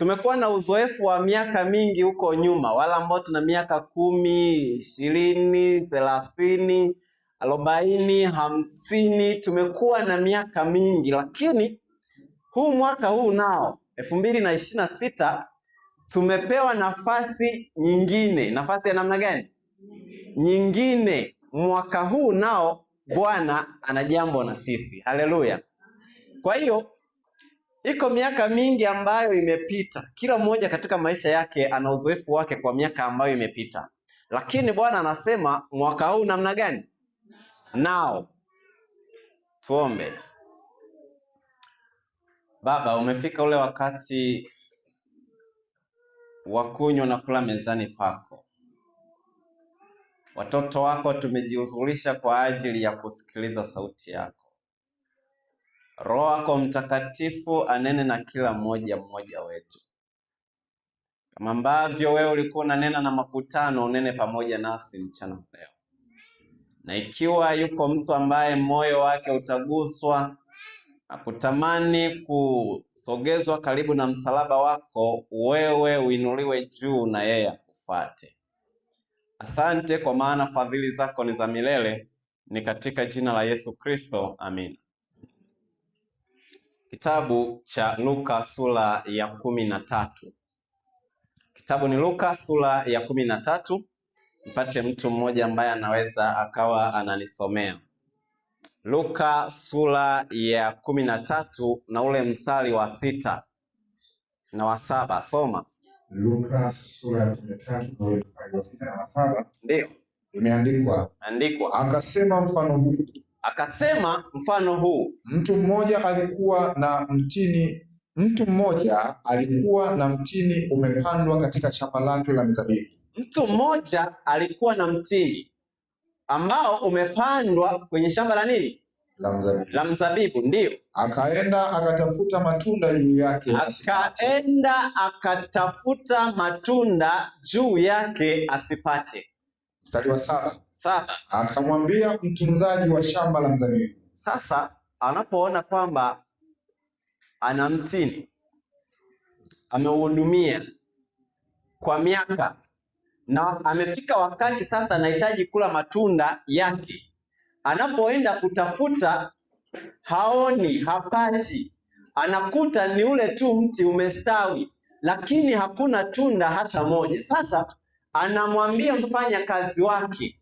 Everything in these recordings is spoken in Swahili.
Tumekuwa na uzoefu wa miaka mingi huko nyuma, wala ambao tuna miaka kumi, ishirini, thelathini, arobaini, hamsini, tumekuwa na miaka mingi, lakini huu mwaka huu nao elfu mbili na ishirini na sita tumepewa nafasi nyingine. Nafasi ya namna gani? Nyingine. Mwaka huu nao Bwana ana jambo na sisi, haleluya! Kwa hiyo Iko miaka mingi ambayo imepita. Kila mmoja katika maisha yake ana uzoefu wake kwa miaka ambayo imepita, lakini Bwana anasema mwaka huu namna gani nao? Tuombe. Baba, umefika ule wakati wa kunywa na kula mezani pako. Watoto wako tumejiuzulisha kwa ajili ya kusikiliza sauti yako. Roho yako Mtakatifu anene na kila mmoja mmoja wetu, kama ambavyo wewe ulikuwa unanena na makutano, unene pamoja nasi mchana leo. Na ikiwa yuko mtu ambaye moyo wake utaguswa na kutamani kusogezwa karibu na msalaba wako, wewe uinuliwe juu na yeye akufate Asante kwa maana fadhili zako ni za milele, ni katika jina la Yesu Kristo, amina. Kitabu cha Luka sura ya kumi na tatu. Kitabu ni Luka sura ya kumi na tatu. Mpate mtu mmoja ambaye anaweza akawa ananisomea Luka sura ya kumi na tatu na ule msali wa sita na wa saba. Soma. Luka sura ya kumi na tatu na ule msali wa sita na wa saba. Ndio imeandikwa, andikwa akasema mfano huu Akasema mfano huu, mtu mmoja alikuwa na mtini mtu mmoja alikuwa na mtini umepandwa katika shamba lake la mizabibu. Mtu mmoja alikuwa na mtini ambao umepandwa kwenye shamba la nini? La mzabibu. La mzabibu, Akaenda akatafuta matunda juu yake, akaenda akatafuta matunda juu yake asipate mstari wa saba. Saba akamwambia mtunzaji wa shamba la mzabibu. Sasa anapoona kwamba ana mtini ameuhudumia kwa miaka na amefika wakati sasa anahitaji kula matunda yake, anapoenda kutafuta haoni, hapati, anakuta ni ule tu mti umestawi, lakini hakuna tunda hata moja. Sasa anamwambia mfanya kazi wake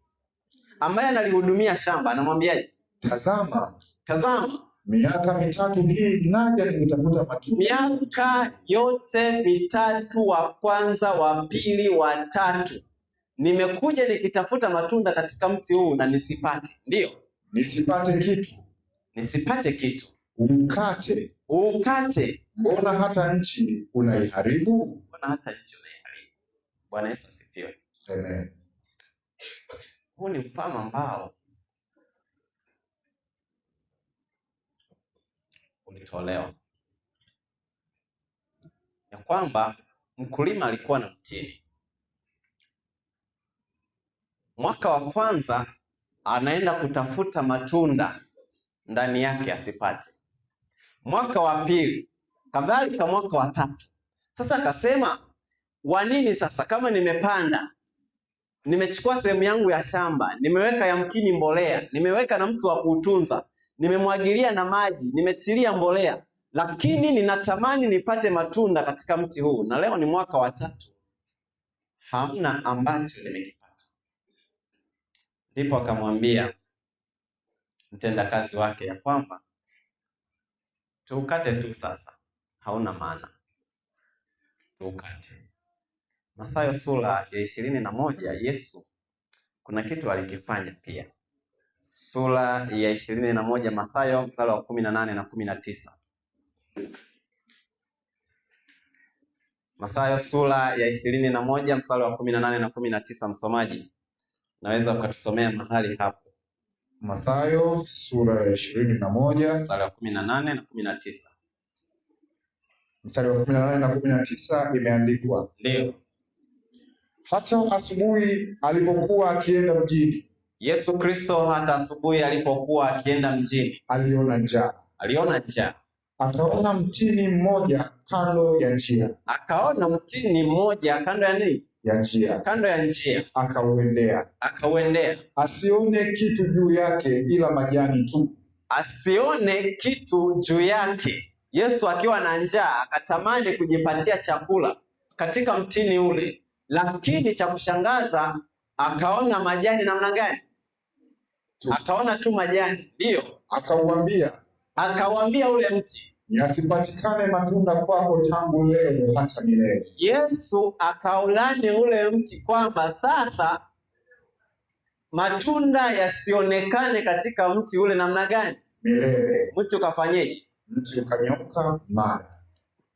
ambaye analihudumia shamba, anamwambiaje? Tazama, tazama miaka mitatu hii naja nitakuta matunda. Miaka yote mitatu, wa kwanza, wa pili, wa tatu, nimekuja nikitafuta matunda katika mti huu na nisipate. ndio nisipate kitu, nisipate kitu. Ukate, ukate. Mbona hata nchi unaiharibu? Mbona hata nchi unaiharibu? Bwana Yesu asifiwe. Amen. Huu ni mfano ambao ulitolewa ya kwamba mkulima alikuwa na mtini. Mwaka wa kwanza anaenda kutafuta matunda ndani yake asipate, mwaka wa pili kadhalika, mwaka wa tatu. Sasa akasema kwa nini sasa? Kama nimepanda nimechukua sehemu yangu ya shamba, nimeweka yamkini mbolea, nimeweka na mtu wa kuutunza, nimemwagilia na maji, nimetilia mbolea, lakini ninatamani nipate matunda katika mti huu, na leo ni mwaka wa tatu, hamna ambacho nimekipata. Ndipo akamwambia mtendakazi wake ya kwamba tuukate tu sasa, hauna maana, tuukate Mathayo mhm. sura ya ishirini na moja Yesu kuna kitu alikifanya pia. Sura ya ishirini na moja Mathayo mstari wa kumi na nane na kumi na tisa. Mathayo sura ya ishirini na moja mstari wa kumi na nane na kumi na tisa. Msomaji, naweza ukatusomea mahali hapo? Mathayo sura ya ishirini na moja mstari wa kumi na nane na kumi na tisa. Mstari wa kumi na nane na kumi na tisa imeandikwa, ndio hata asubuhi alipokuwa akienda mjini, Yesu Kristo hata asubuhi alipokuwa akienda mjini, aliona njaa, aliona njaa akaona mtini mmoja kando ya njia, akaona mtini mmoja kando ya nini? Ya njia, kando ya njia, akauendea, akauendea, asione kitu juu yake ila majani tu, asione kitu juu yake. Yesu akiwa na njaa akatamani kujipatia chakula katika mtini ule lakini cha kushangaza akaona majani namna gani? Akaona tu majani, ndio akauambia, akauambia ule mti yasipatikane matunda kwako tangu leo hata milele. Yesu akaulani ule mti kwamba sasa matunda yasionekane katika mti ule namna gani? Milele. Mti ukafanyeje? Mti ukanyauka mara,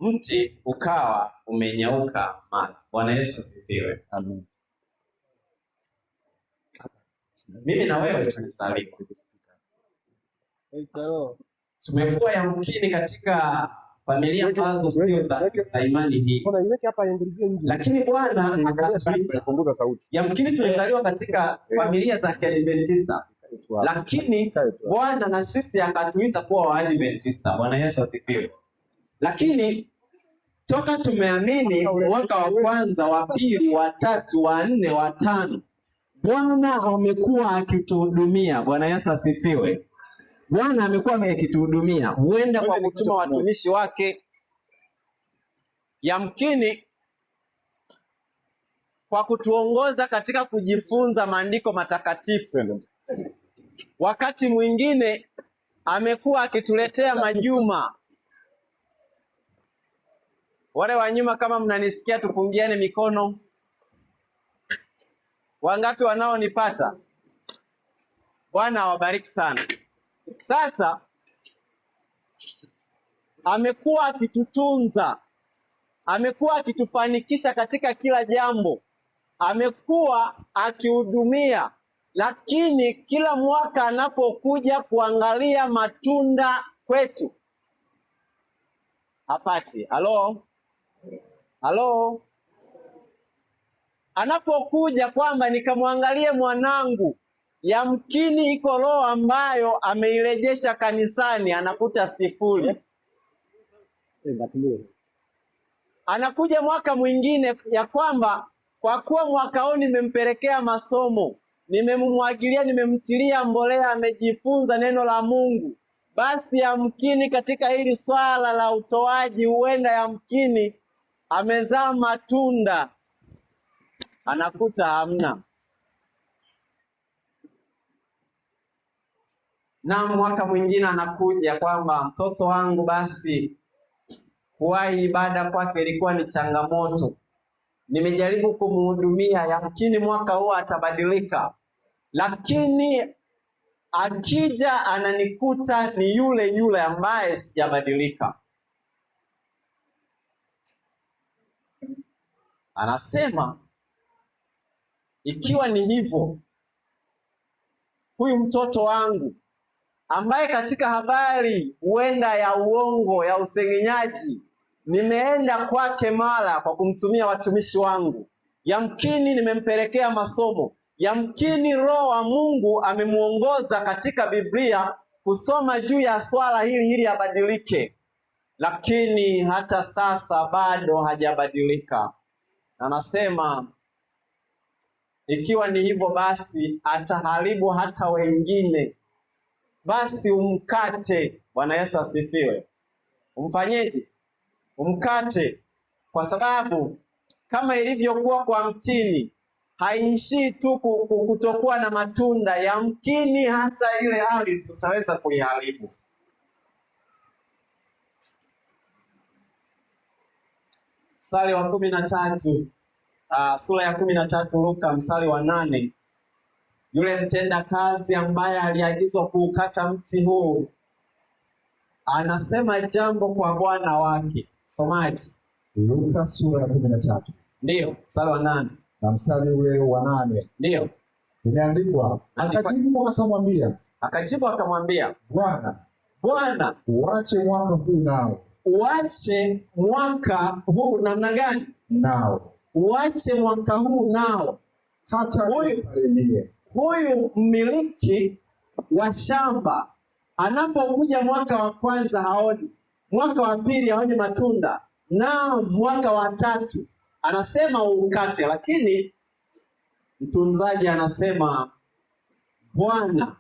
mti ukawa umenyauka mara. Bwana Yesu asifiwe. Amen. Mimi na wewe tumezaliwa, tumekuwa yamkini katika familia ambazo sio za imani hii, lakini Bwana akatuita. Yamkini tulizaliwa katika eh. familia za Kiadventista, lakini Bwana na sisi akatuita kuwa Waadventista. Bwana Yesu asifiwe. Lakini toka tumeamini mwaka wa kwanza, wa pili, wa tatu, wa nne, wa tano, Bwana amekuwa akituhudumia. Bwana Yesu asifiwe. Bwana amekuwa akituhudumia, huenda kwa kutuma watumishi wake, yamkini kwa kutuongoza katika kujifunza maandiko matakatifu. Wakati mwingine amekuwa akituletea majuma wale wa nyuma kama mnanisikia, tupungiane mikono. Wangapi wanaonipata? Bwana awabariki sana. Sasa amekuwa akitutunza, amekuwa akitufanikisha katika kila jambo, amekuwa akihudumia, lakini kila mwaka anapokuja kuangalia matunda kwetu hapati. Halo, halo, anapokuja kwamba nikamwangalie mwanangu, yamkini iko roho ambayo ameirejesha kanisani, anakuta sifuri. Anakuja mwaka mwingine ya kwamba kwa kuwa mwaka huu nimempelekea masomo, nimemmwagilia, nimemtilia mbolea, amejifunza neno la Mungu, basi yamkini katika hili swala la utoaji, huenda yamkini amezaa matunda anakuta hamna. Na mwaka mwingine anakuja kwamba mtoto wangu basi kuwahi ibada kwake ilikuwa ni changamoto, nimejaribu kumhudumia, yamkini mwaka huo atabadilika, lakini akija ananikuta ni yule yule ambaye sijabadilika. Anasema ikiwa ni hivyo, huyu mtoto wangu ambaye katika habari huenda ya uongo ya useng'enyaji nimeenda kwake mara kwa kumtumia watumishi wangu, yamkini nimempelekea masomo, yamkini Roho wa Mungu amemuongoza katika Biblia kusoma juu ya swala hili ili abadilike, lakini hata sasa bado hajabadilika anasema ikiwa ni hivyo basi ataharibu hata wengine, basi umkate. Bwana Yesu asifiwe. Umfanyeje? Umkate, kwa sababu kama ilivyokuwa kwa mtini haiishii tu kutokuwa na matunda, yamkini hata ile hali tutaweza kuiharibu. mstari wa kumi na tatu uh, sura ya kumi na tatu Luka mstari wa nane yule mtenda kazi ambaye aliagizwa kuukata mti huu anasema jambo kwa bwana wake. Somaji Luka sura ya kumi na tatu ndiyo mstari wa nane na mstari ule wa nane ndiyo imeandikwa, akajibu akamwambia, akajibu akamwambia, Bwana, Bwana, uache mwaka huu nao uache mwaka huu namna gani? Nao uache mwaka huu nao. Hata huyu huyu mmiliki wa shamba anapokuja mwaka wa kwanza haoni, mwaka wa pili haoni matunda, na mwaka wa tatu anasema uukate lakini mtunzaji anasema bwana,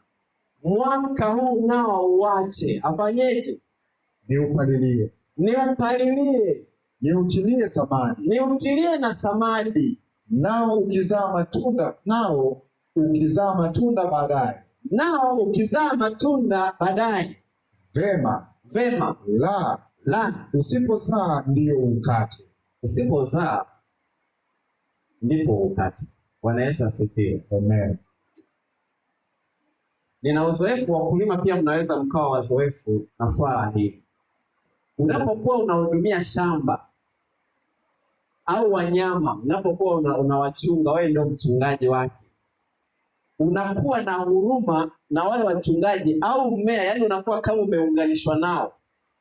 mwaka huu nao uache. Afanyeje? niupalilie, niupalilie, niutilie samadi, niutilie na samadi, nao ukizaa matunda, nao ukizaa matunda baadaye, nao ukizaa matunda baadaye, vema vema, la la, usipozaa ndio ukate, usipozaa ndipo ukate. Bwana Yesu asifiwe. Amen. Nina uzoefu wa kulima pia, mnaweza mkawa wazoefu na swala hili. Unapokuwa unahudumia shamba au wanyama, unapokuwa unawachunga, wewe ndio mchungaji wake, unakuwa na huruma na wale wachungaji au mmea, yaani unakuwa kama umeunganishwa nao,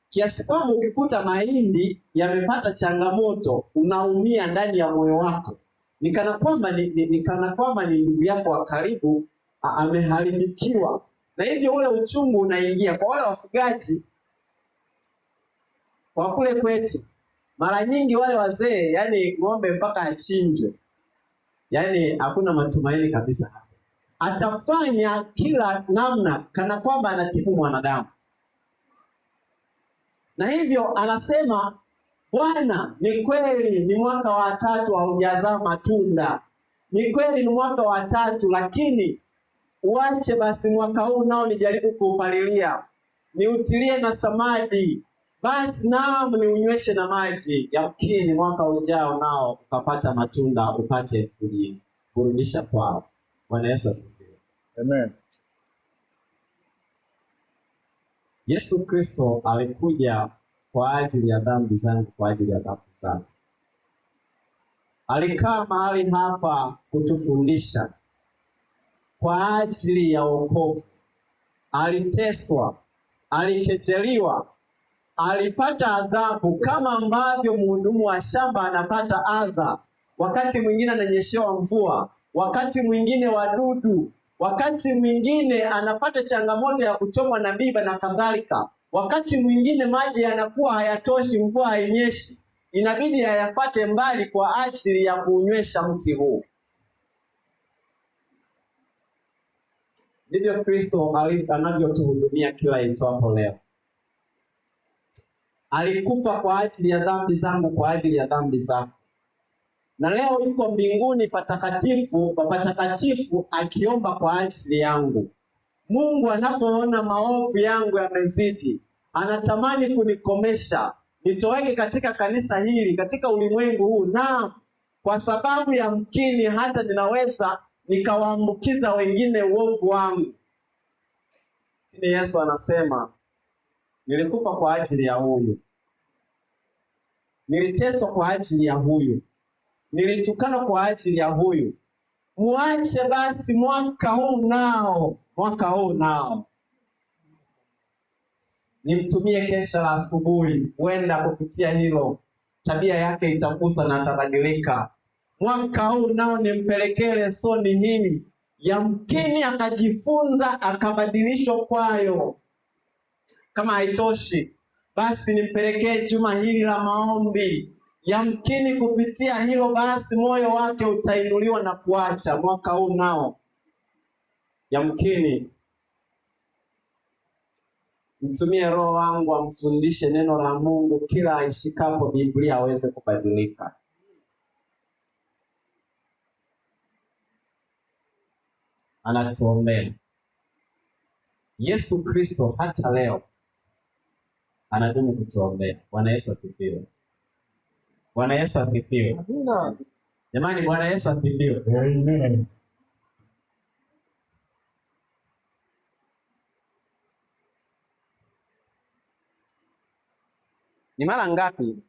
kiasi kwamba ukikuta mahindi yamepata changamoto, unaumia ndani ya moyo wako, nikana kwamba ni, ni, nikana kwamba ni ndugu yako wa karibu ameharibikiwa, na hivyo ule uchungu unaingia kwa wale wafugaji kwa kule kwetu mara nyingi wale wazee, yani ng'ombe mpaka achinjwe, yani hakuna matumaini kabisa hapo. Atafanya kila namna kana kwamba anatibu mwanadamu, na hivyo anasema Bwana, ni kweli ni mwaka wa tatu haujazaa matunda, ni kweli ni mwaka wa tatu, lakini uache basi mwaka huu nao nijaribu kuupalilia, niutilie na samadi basi naam, niunyweshe na maji, ya ukini, mwaka ujao nao ukapata matunda, upate kujirudisha kwao. Bwana Yesu asifiwe. Amen. Yesu Kristo alikuja kwa ajili ya dhambi zangu, kwa ajili ya dhambi zangu. Alikaa mahali hapa kutufundisha kwa ajili ya wokovu. Aliteswa, alikejeliwa alipata adhabu kama ambavyo mhudumu wa shamba anapata adha. Wakati mwingine ananyeshewa mvua, wakati mwingine wadudu, wakati mwingine anapata changamoto ya kuchomwa na biba na kadhalika, wakati mwingine maji yanakuwa hayatoshi, mvua hainyeshi, inabidi hayapate mbali kwa ajili ya kuunywesha mti huu. Ndivyo Kristo anavyotuhudumia kila itwapo leo alikufa kwa ajili ya dhambi zangu, kwa ajili ya dhambi zako, na leo yuko mbinguni patakatifu patakatifu akiomba kwa ajili yangu. Mungu anapoona maovu yangu yamezidi, anatamani kunikomesha nitoweke katika kanisa hili, katika ulimwengu huu, na kwa sababu ya mkini hata ninaweza nikawaambukiza wengine uovu wangu. Lakini Yesu anasema Nilikufa kwa ajili ya huyu, niliteswa kwa ajili ya huyu, nilitukana kwa ajili ya huyu. Muache basi, mwaka huu nao, mwaka huu nao nimtumie kesha la asubuhi. Huenda kupitia hilo tabia yake itaguswa na atabadilika. Mwaka huu nao nimpelekee lesoni hii, yamkini akajifunza akabadilishwa kwayo. Kama haitoshi, basi nimpelekee juma hili la maombi. Yamkini kupitia hilo basi moyo wake utainuliwa na kuacha mwaka huu nao, yamkini mtumie Roho wangu amfundishe neno la Mungu, kila aishikapo Biblia aweze kubadilika. Anatuombea Yesu Kristo hata leo anadumu kutuombea. Bwana Yesu asifiwe! Bwana Yesu asifiwe! Jamani, Bwana Yesu asifiwe! Amen. Ni mara ngapi?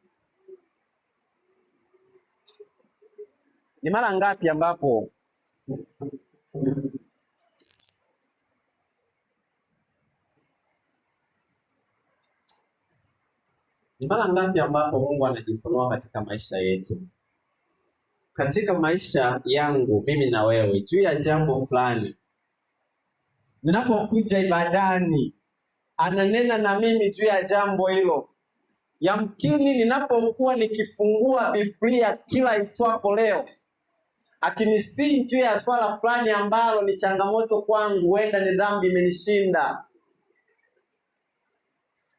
Ni mara ngapi ambapo Ni mara ngapi ambapo Mungu anajifunua katika maisha yetu, katika maisha yangu mimi na wewe, juu ya jambo fulani. Ninapokuja ibadani, ananena na mimi juu ya jambo hilo. Yamkini ninapokuwa nikifungua Biblia kila itwapo leo, akinisii juu ya swala fulani ambalo ni changamoto kwangu, huenda ni dhambi imenishinda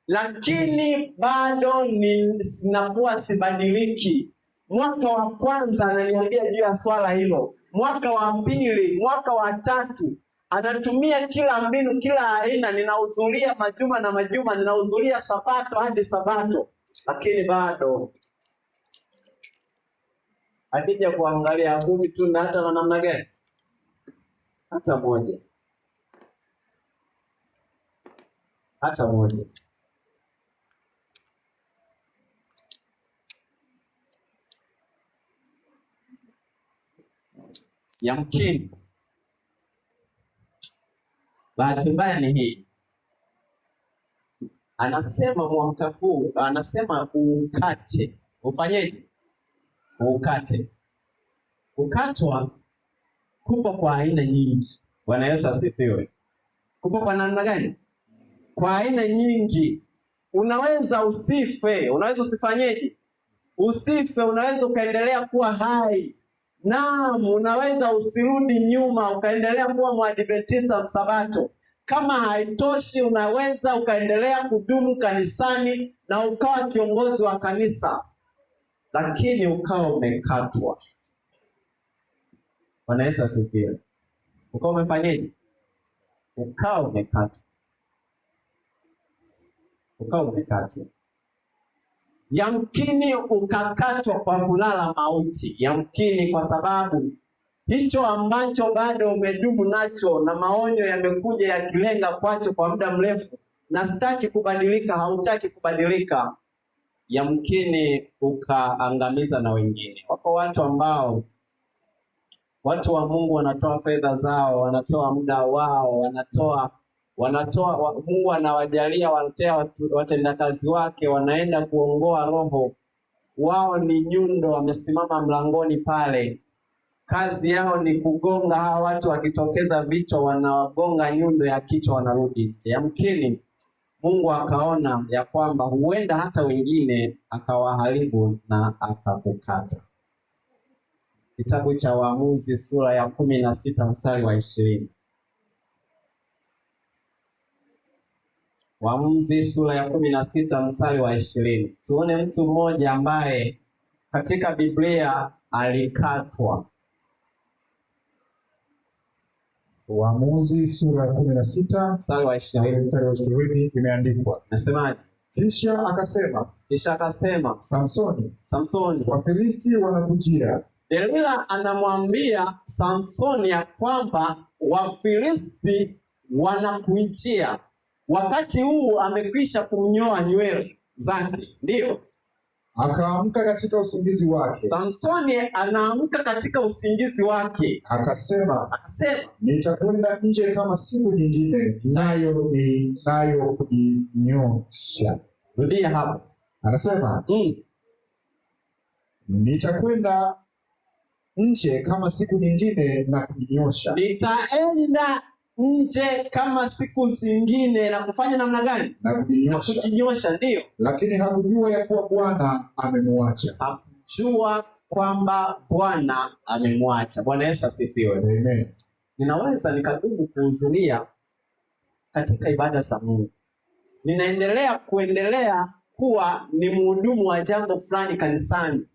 lakini bado ninakuwa sibadiliki. Mwaka wa kwanza ananiambia juu ya swala hilo, mwaka wa pili, mwaka wa tatu anatumia kila mbinu, kila aina. Ninahudhuria majuma na majuma, ninahudhuria sabato hadi sabato, lakini bado akija kuangalia kumi tu na hata na namna gani, hata moja, hata moja. Yamkini bahati mbaya ni hii, anasema mwaka huu, anasema uukate. Ufanyeje? Uukate. Kukatwa kupo kwa aina nyingi. Bwana Yesu asifiwe. Kupo kwa namna gani? Kwa aina nyingi. Unaweza usife, unaweza usifanyeje? Usife, unaweza ukaendelea kuwa hai Naam, unaweza usirudi nyuma ukaendelea kuwa mwadventista msabato. Kama haitoshi, unaweza ukaendelea kudumu kanisani na ukawa kiongozi wa kanisa, lakini ukawa umekatwa. Bwana Yesu asifiwe. Ukawa umefanyaje? Ukawa umekatwa, ukawa umekatwa yamkini ukakatwa kwa kulala mauti, yamkini kwa sababu hicho ambacho bado umedumu nacho na maonyo yamekuja yakilenga kwacho kwa muda mrefu, na sitaki kubadilika, hautaki kubadilika, yamkini ukaangamiza na wengine. Wako watu ambao watu wa Mungu wanatoa fedha zao, wanatoa muda wao, wanatoa wanatoa wa, Mungu anawajalia wanatea watendakazi wake, wanaenda kuongoa roho. Wao ni nyundo, wamesimama mlangoni pale, kazi yao ni kugonga. Hawa watu wakitokeza vichwa, wanawagonga nyundo ya kichwa, wanarudi nje. Yamkini Mungu akaona ya kwamba huenda hata wengine akawaharibu na akakukata. Kitabu cha Waamuzi sura ya kumi na sita mstari wa ishirini. Waamuzi sura ya kumi na sita mstari wa ishirini. Tuone mtu mmoja ambaye katika Biblia alikatwa. Waamuzi sura ya kumi na sita mstari wa ishirini imeandikwa, nasemaje? Kisha akasema, kisha akasema, Samsoni, Samsoni, Wafilisti wanakujia. Delila anamwambia Samsoni ya kwamba Wafilisti wanakuitia wakati huu amekwisha kumnyoa nywele zake, ndiyo akaamka katika usingizi wake. Samsoni anaamka katika usingizi wake, akasema akasema, nitakwenda nje kama siku nyingine, nayo ni nayo kujinyosha. Rudia hapo, anasema mm, nitakwenda nje kama siku nyingine na kujinyosha. Nitaenda nje kama siku zingine na kufanya namna gani? Na kujinyosha, ndio. Lakini hakujua ya kuwa Bwana amemwacha, hakujua kwamba Bwana amemwacha. Bwana Yesu asifiwe. Amen. Ninaweza nikadumu kuhuzulia katika ibada za Mungu, ninaendelea kuendelea kuwa ni mhudumu wa jambo fulani kanisani,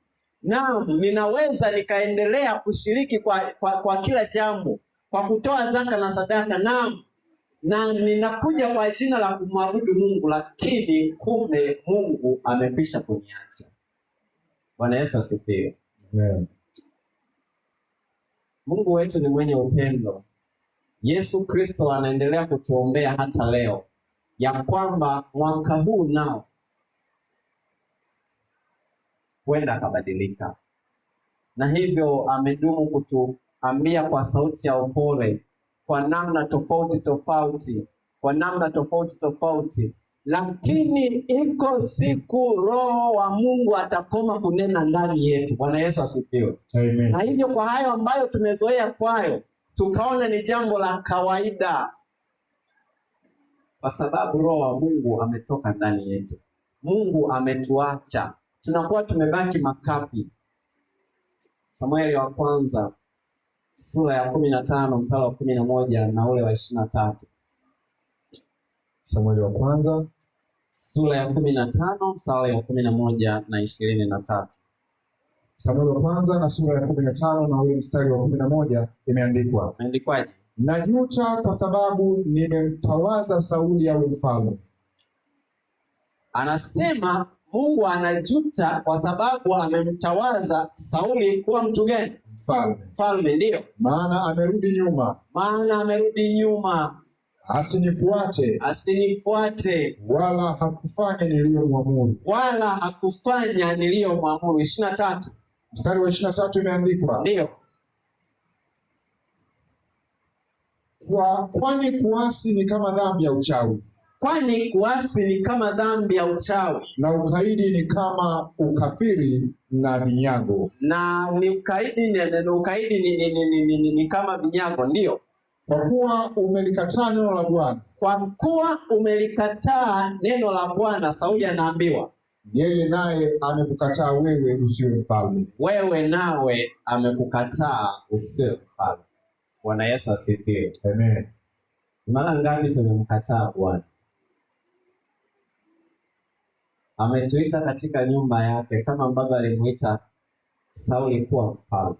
na ninaweza nikaendelea kushiriki kwa, kwa, kwa kila jambo kwa kutoa zaka na sadaka na na ninakuja kwa jina la kumwabudu Mungu, lakini kumbe Mungu amekwisha kuniacha. Bwana Yesu asifiwe. Amen. Mungu wetu ni mwenye upendo. Yesu Kristo anaendelea kutuombea hata leo ya kwamba mwaka huu nao huenda akabadilika, na hivyo amedumu kutu ambia kwa sauti ya upole, kwa namna tofauti tofauti, kwa namna tofauti tofauti, lakini iko siku Roho wa Mungu atakoma kunena ndani yetu. Bwana Yesu asifiwe. Amen. Na hivyo kwa hayo ambayo tumezoea kwayo, tukaona ni jambo la kawaida, kwa sababu Roho wa Mungu ametoka ndani yetu. Mungu ametuacha, tunakuwa tumebaki makapi. Samueli wa kwanza sura ya kumi na tano mstari wa kumi na moja na ule wa ishirini na tatu. Samueli wa kwanza sura ya kumi na tano mstari wa kumi na moja na ishirini na tatu. Samueli wa kwanza na sura ya kumi na tano na ule mstari wa kumi na moja imeandikwa. Imeandikwaje? Najuta kwa sababu nimemtawaza Sauli awe mfalme. Anasema Mungu anajuta kwa sababu amemtawaza Sauli kuwa mtu gani? mfalme. Mfalme ndio maana amerudi nyuma, maana amerudi nyuma asinifuate asinifuate, wala hakufanya niliyomwamuru, wala hakufanya niliyomwamuru. ishirini na tatu mstari wa ishirini na tatu imeandikwa ndio, kwa kwani kuasi ni kama dhambi ya uchawi Kwani kuasi ni kama dhambi ya uchawi, na ukaidi ni kama ukafiri na vinyago. Na ni ukaidi ni, ukaidi ni, ni, ni, ni, ni, ni kama vinyago, ndio Kwa kuwa umelikataa neno la Bwana, kwa kuwa umelikataa neno la Bwana, Sauli anaambiwa yeye naye amekukataa wewe usiwe mfalme, wewe nawe amekukataa usiwe mfalme. Bwana Yesu asifiwe. Amen. Mara ngapi tumemkataa Bwana? ametuita katika nyumba yake kama ambavyo alimuita Sauli kuwa mfalme.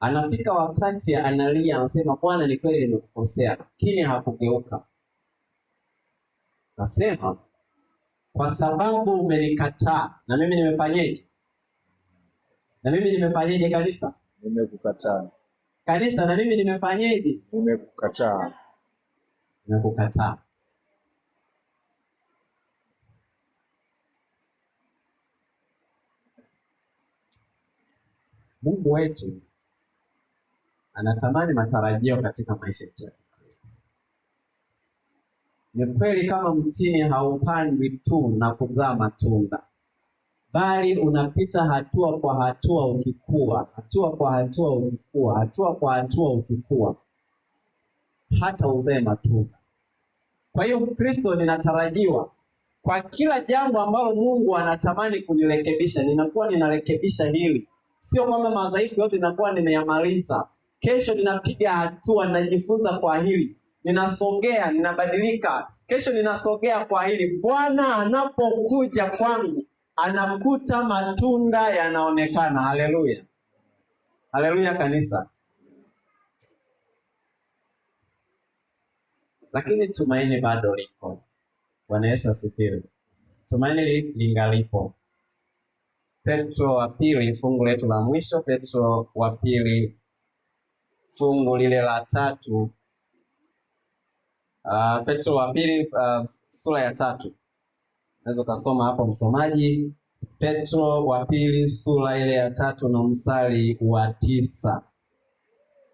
Anafika wakati analia, anasema Bwana, ni kweli nimekukosea, lakini hakugeuka. Nasema kwa sababu umenikataa. Na mimi nimefanyeje? Na mimi nimefanyeje? Kanisa, nimekukataa. Kanisa, na mimi nimefanyeje? Nimekukataa, nimekukataa. Mungu wetu anatamani matarajio katika maisha yetu ya Ni kweli kama mtini haupandwi tu na kuzaa matunda, bali unapita hatua kwa hatua ukikua, hatua kwa hatua ukikua, hatua kwa hatua ukikua, hata uzee matunda. Kwa hiyo Kristo, ninatarajiwa kwa kila jambo ambalo Mungu anatamani kunirekebisha, ninakuwa ninarekebisha hili Sio kwamba madhaifu yote nakuwa nimeyamaliza. Kesho ninapiga hatua, ninajifunza kwa hili, ninasogea, ninabadilika. Kesho ninasogea kwa hili. Bwana anapokuja kwangu anakuta matunda yanaonekana. Haleluya, haleluya kanisa. Lakini tumaini bado liko. Bwana Yesu asifiwe. Tumaini lingalipo. Petro wa pili, fungu letu la mwisho, Petro wa pili fungu lile la tatu. Uh, Petro wa pili uh, sura ya tatu, naweza ukasoma hapo msomaji. Petro wa pili sura ile ya tatu na mstari wa tisa.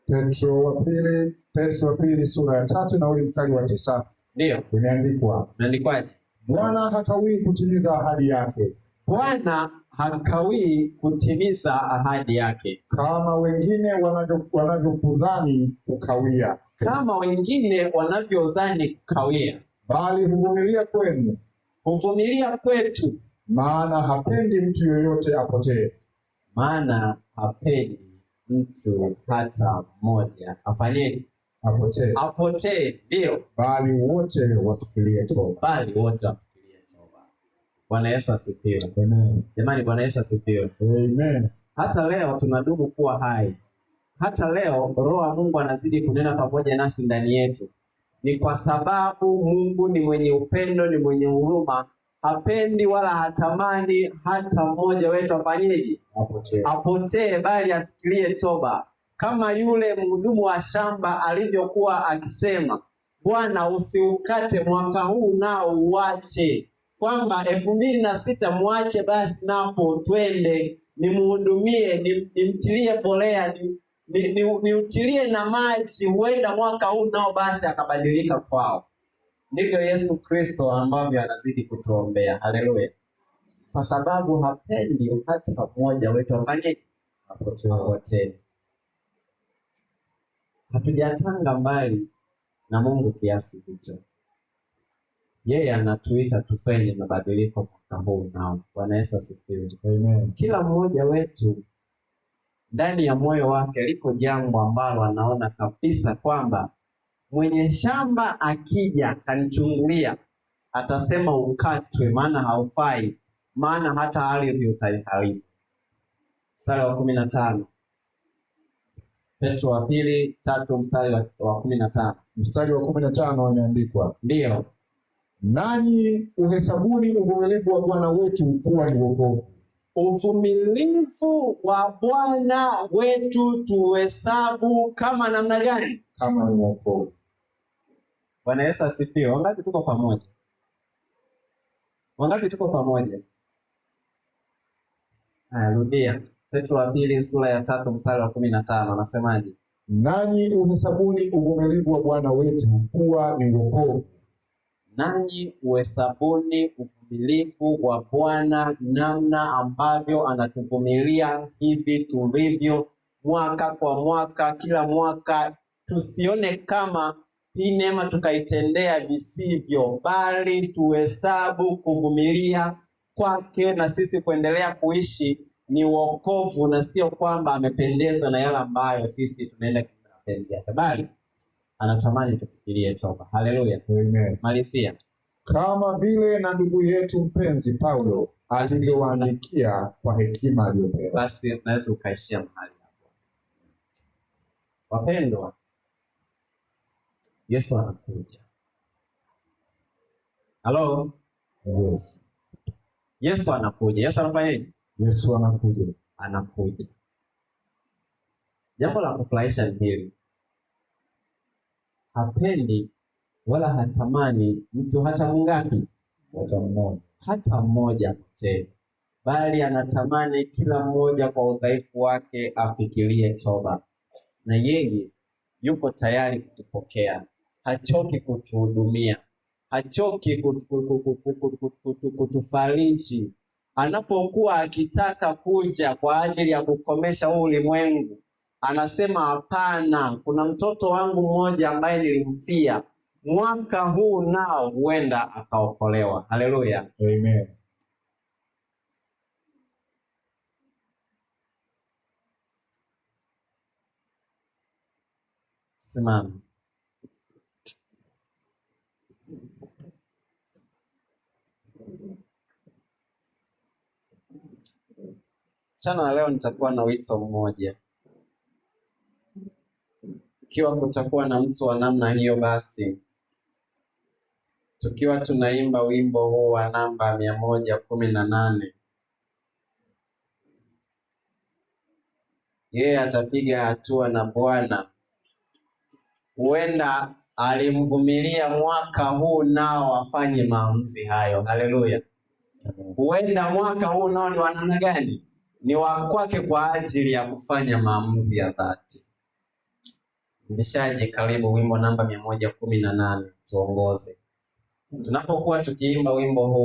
Petro wa pili, Petro wa pili sura ya tatu na ule mstari wa tisa, ndio imeandikwa. Imeandikwaje? Bwana hatawii kutimiza ahadi yake Bwana hakawii kutimiza ahadi yake, kama wengine wanavyokudhani kukawia, kama wengine wanavyozani kukawia, bali huvumilia kwenu, huvumilia kwetu, maana hapendi mtu yoyote apotee, maana hapendi mtu hata mmoja afanye apotee, apotee, ndio, bali wote wafikirie toba, bali wote Bwana Yesu asifiwe. Amen. Jamani, Bwana Yesu asifiwe. Amen. Hata leo tunadumu kuwa hai. Hata leo Roho wa Mungu anazidi kunena pamoja nasi ndani yetu. Ni kwa sababu Mungu ni mwenye upendo, ni mwenye huruma, hapendi wala hatamani hata mmoja wetu afanyeje? Apotee. Apotee, bali afikirie toba, kama yule mhudumu wa shamba alivyokuwa akisema, Bwana, usiukate mwaka huu nao uache kwamba elfu mbili na sita mwache basi, napo twende nimuhudumie, nimtilie ni polea niutilie ni, ni na maji, huenda mwaka huu nao basi akabadilika kwao. Ndivyo Yesu Kristo ambavyo anazidi kutuombea. Haleluya! Kwa sababu hapendi hata mmoja wetu afanye apotee. Hatujatanga mbali na Mungu kiasi hicho yeye anatuita tufanye mabadiliko mwaka huu nao. Bwana Yesu asifiwe. Amen. Kila mmoja wetu ndani ya moyo wake liko jambo ambalo anaona kabisa kwamba mwenye shamba akija kanichungulia, atasema ukatwe, maana haufai, maana hata ardhi utaiharibu. Mstari wa kumi na tano Petro wa pili tatu mstari wa kumi na tano mstari wa kumi na tano imeandikwa, ndiyo nanyi uhesabuni uvumilivu wa Bwana wetu kuwa ni wokovu. Uvumilivu wa Bwana wetu tuhesabu kama namna gani? Kama ni wokovu. Bwana Yesu asifiwe. Wangapi tuko pamoja? Wangapi tuko pamoja? Narudia, Petro wa pili sura ya tatu mstari wa kumi na tano anasemaje? Nanyi uhesabuni uvumilivu wa Bwana wetu kuwa ni wokovu nanyi uhesabuni uvumilivu wa Bwana namna ambavyo anatuvumilia hivi tulivyo, mwaka kwa mwaka, kila mwaka, tusione kama hii neema tukaitendea visivyo, bali tuhesabu kuvumilia kwake na sisi kuendelea kuishi ni wokovu, na sio kwamba amependezwa na yale ambayo sisi tunaenda kinyume mapenzi yake, bali anatamani tufikirie toba. Haleluya, Malizia kama vile na ndugu yetu mpenzi Paulo alivyowaandikia kwa hekima aliyopewa. Basi unaweza ukaishia mahali hapo. Wapendwa, Yesu anakuja. Halo, yes. Yesu anakuja. Yesu anafanyaje? Yesu anakuja, anakuja. Jambo la kufurahisha ni hili hapendi wala hatamani mtu hata mungapi, hata mmoja, hata mmoja apotee, bali anatamani kila mmoja kwa udhaifu wake afikirie toba, na yeye yuko tayari kutupokea. Hachoki kutuhudumia, hachoki kutufariji anapokuwa akitaka kuja kwa ajili ya kukomesha huu ulimwengu anasema hapana, kuna mtoto wangu mmoja ambaye nilimfia mwaka huu nao huenda akaokolewa. Haleluya, amen. Simama. Chana leo nitakuwa na wito mmoja ikiwa kutakuwa na mtu wa namna hiyo, basi tukiwa tunaimba wimbo huu wa namba mia moja kumi na nane yeye atapiga hatua na Bwana. Huenda alimvumilia mwaka huu nao afanye maamuzi hayo. Haleluya! Huenda mwaka huu nao ni wa namna gani? Ni wa kwake kwa ajili ya kufanya maamuzi ya dhati. Mbishaji, karibu wimbo namba mia moja kumi na nane tuongoze. Tunapokuwa tukiimba wimbo huu